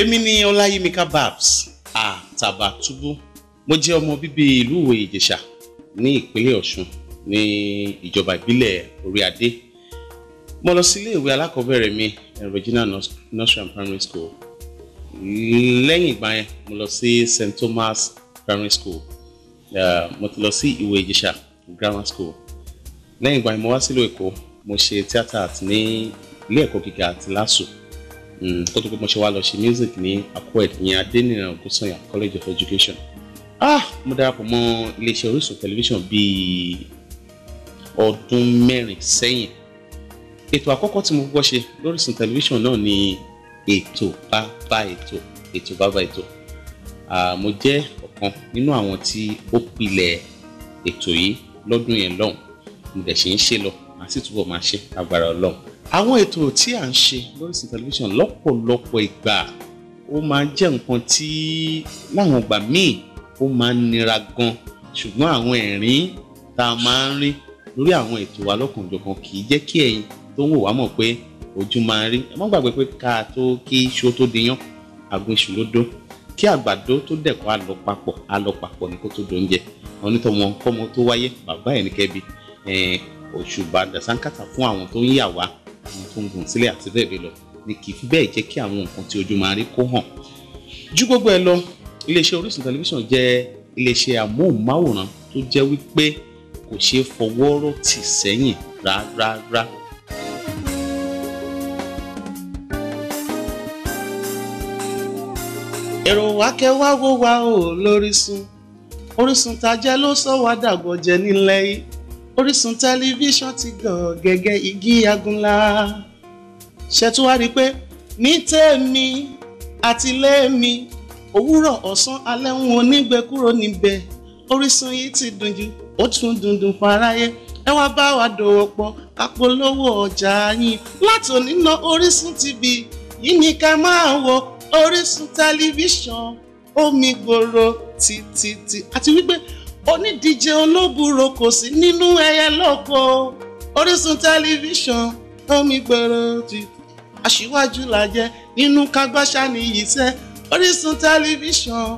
èmi ni ọláyímíkà babs àtàbàtúbú mo jẹ́ ọmọ bíbí ìlú ìwé ìjẹ̀ṣà ní ìpínlẹ̀ ọ̀ṣun ní ìjọba ìbílẹ̀ oríadé mo lọ sí iléèwé alákọ̀ọ́bẹ̀rẹ̀ mi Regina nursery and primary school lẹ́yìn ìgbà yẹn mo lọ sí st thomas primary school uh, mo ti lọ sí ìwé ìjẹ̀ṣà grammar school lẹ́yìn ìgbà yẹn mo wá sílùú èkó mo ṣe tíátà àti ní ilé ẹ̀kọ́ gíga àti lásù Mm. kó tó pé mo ṣe wá lọ ṣe music ní akwed ìyẹn adéníran ògúnsànyà college of education ah mo darapọ̀ mọ́ iléeṣẹ́ orísun tẹlifíṣàn bíi ọdún mẹ́rin sẹ́yìn ètò àkọ́kọ́ tí mo kọ́kọ́ ṣe lórísun tẹlifíṣàn náà ni ètò bàbá ètò ètò bàbá ètò mo jẹ́ ọ̀kan nínú àwọn tí ó pilẹ̀ ètò yìí lọ́dún yẹn lọ́hùn mo dẹ̀ ṣe ń ṣe lọ màá sì túbọ̀ máa ṣe agbára ọlọ́run àwọn ètò tí à ń ṣe lóríṣìí tẹlifíṣàn lọ́pọ̀lọpọ̀ ìgbà ó máa jẹ́ nǹkan tí láwọn ìgbà míì ó máa ń nira gan ṣùgbọ́n àwọn ẹ̀rín tá a máa ń rí lórí àwọn ètò wa lọ́kànjọ̀kan kì í jẹ́ kí ẹ̀yin tó ń wò wá mọ̀ pé ojú máa ń rí ẹ má gbàgbé pé ká tó kí iṣu tó diyán àgbo iṣu ló dó kí àgbàdo tó dẹ̀kọ́ á papọ̀ á papọ̀ ní kó tó dóúnjẹ onítọ̀mọ kọ́mọ tó wáyé bàbá ẹ̀ ní kẹ́bi òṣùbà dàsánkàtà fún àwọn tó ń yà wá àwọn tó ń gùn sílẹ̀ àti bẹ́ẹ̀ bẹ́ẹ̀ lọ ni kì í fi bẹ́ẹ̀ jẹ́ kí àwọn nǹkan tí ojú máa rí kó hàn. ju gbogbo ẹ lọ iléeṣẹ́ Orísun tẹlifíṣàn jẹ́ iléeṣẹ́ amóhùnmáwòrán tó jẹ́ wípé kò ṣeé fọwọ́rọ́ tì sẹ́yìn rárá. èrò wákẹ́wá wo wa o lórísun Orísun tá a jẹ́ ló sọ wá dàgbọ́ jẹ nílẹ̀ yìí Orísun tẹlifíṣàn ti gàn gẹ́gẹ́ igi agunlá ṣètúwárí pé ní tèmi àti lèmi òwúrọ̀ ọ̀sán alẹ́ ń wọn nígbẹ́ kúrò níbẹ̀ Orísun yìí ti dùn jù ó tún dundun fún aráyé ẹ wá bá wa dòwò pọ̀ ká polówó ọjà yín láti òní ná Orísun TV yìí ni ká máa wo Orísun tẹlifíṣàn omi gbòòrò títí àti wípé onídíje olóbùrò kò sí nínú ẹyẹ lóko Orísun tẹlifíṣàn omi gbèrò ti aṣíwájú la jẹ nínú kágbáṣá ni yìí sẹ Orísun tẹlifíṣàn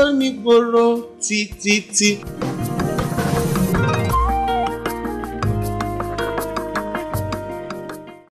omi gbòòrò títí. Ti, ti. ti.